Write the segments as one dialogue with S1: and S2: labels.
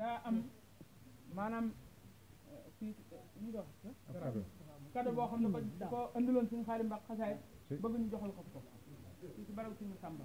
S1: daa am maanaam eh, kii nu eh, ñu doon wax. kado boo xam ne ko da koo andiloon suñu xaari mbaq xasaay bëgg ñu joxal ko ko. ci baraw suñu sàmba.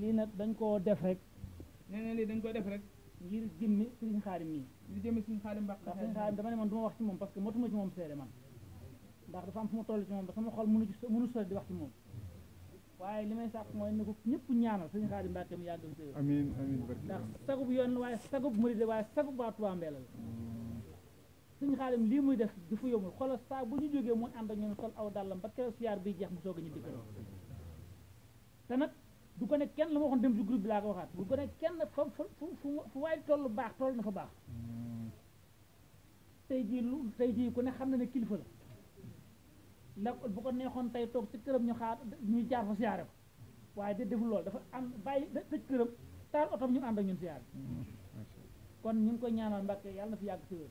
S1: lii nag dañ koo def rek nee na lii dañ koo def rek ngir jëmmi sëriñ xaadim nii ngir jëmmi sëriñ xaadim mbàq ndax sëriñ xaadim dama ne man du wax ci moom parce que matuma ci moom seede man ndax dafa am fu ma toll ci moom ba sama xol mënu ci di wax ci moom waaye li may sàkk mooy ne ko ñëpp ñaanal sëriñ xaadim mbàq mi yàggal sëriñ
S2: amiin amiin ndax
S1: sagub yoon waaye sagub murid waaye sagub waa Tuubaa Mbeela la sëriñ xaadim lii muy def di fu yomul xoolal saa bu ñu jógee muy ànd ak ñoom sol aw dàllam ba keroog siyaar bi jeex mu soog a ñu dikkal te nag du ko ne kenn la ma waxoon dem ci groupe bi laa ko waxaat du ko ne kenn fa fa fu waay tollu baax toll na fa baax hmm. tey jii lu tey jii ku ne xam na ne kilifa la la bu ko neexoon tey toog ci këram ñu xaar ñuy jaar fa siyaare ko waaye de deful lool dafa am bàyyi da tëj këram taal otom ñu ànd ak ñun siyaare hmm. kon ñu ngi koy ñaanal Mbàkke yàlla na fi yàgg ci wér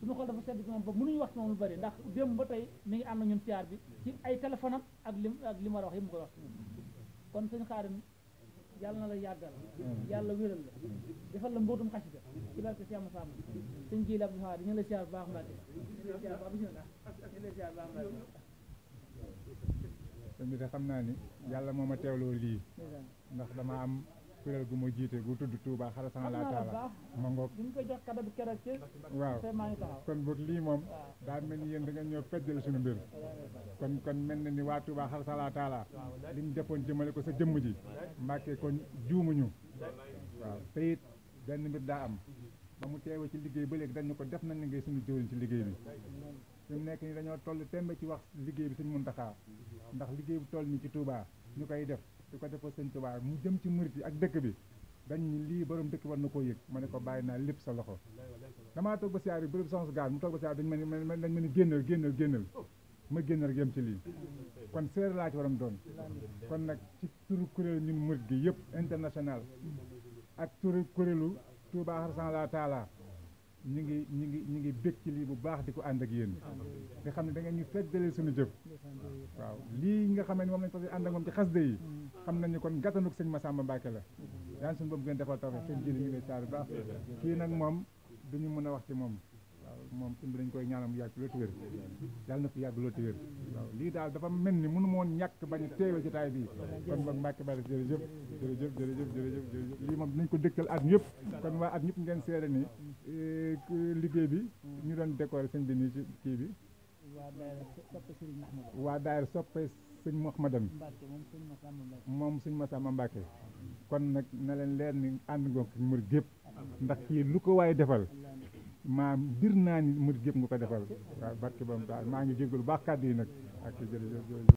S1: suñu xool dafa sedd ci moom ba mënuñu wax ci moom lu bari ndax démb ba tey mi ngi ànd ak ñun siyaar bi ci ay téléphone am ak lim ak li ma wax yëpp mu koy wax kon suñ xaarim yàlla na la yàggal yàlla wéral la defal la mbootum xasida ci barke Cheikh Moussa Mbacké sëñ ji la di ñu la siyaar bu baax Mbacké sëñ
S2: bi de xam naa ni yàlla moo ma teewloo lii ndax dama am kuréel gu ma jiite gu tudd Touba xarasana laa taala ma ngoog ñu
S1: ko jox kàddu keroog ci waaw
S2: kon boog lii moom daa mel ni yéen da nga ñëw feddal suñu mbir kon kon mel na ni waa Touba xarasana laa taala li ñu defoon jëmale ko sa jëmm ji mbàkkee kon juumuñu waaw te it benn mbir daa am ba mu teewee ci liggéey ba léegi dañu ko def nañ ngay suñu jëwriñ ci liggéey bi fi nekk ni dañoo toll tembe ci wax liggéey bi suñu muntaxaa ndax liggéey bu toll ni ci Touba ñu koy def di ko def defal sëñ Tuubaa mu jëm ci murit yi ak dëkk bi dañ lii borom dëkk war na koo yëg ma ne ko bàyyi naa lépp sa loxo damaa toog ba siyaar bi bërëb sans gaal mu toog ba siyaar dañ ma ne dañ ma ne génnal génnal génnal ma génnal yem ci lii kon seer laa ci waram doon kon nag ci turu kuréelu ñun murit gi yëpp international ak turu kuréelu Touba Arsanla Taala ñu ngi ñu ngi ñu ngi bég ci lii bu baax di ko ànd ak yéen nga xam ne da ngeen ñu feddalee suñu jëf waaw lii nga xam ne moom lañ fas ànd ak moom ci xasida yi xam nañu kon gàttanuk sëñ Massamba Mbacke la yaan suñu boobu ngeen defal taw seen jëli ñu ngi lay saar bu baax kii nag moom duñu mën a wax ci moom moom suñu bi dañ koy ñaanal mu yàgg loolu te wér yàlla na fi yàgg loolu te wér waaw lii daal dafa mel ni mënu moon ñàkk bañ a teewe ci taay bii kon ba Mbacke Bari jërëjëf jërëjëf jërëjëf jërëjëf jërëjëf lii moom dinañ ko dëkkal at ñëpp kon waa at ñëpp ngeen seere ni eh, liggéey bi ñu doon décorer sëñ bi nii ci kii bi waa daayira soppe sëñ Mouhamadan moom nag na leen leer ni ànd ngoog mur gépp ndax kii lu ko waaye defal maa bir naa ni mu gépp nga ko defal waaw barke ba daal maa ngi jégalu baax kàddu yi nag ak jërëjëf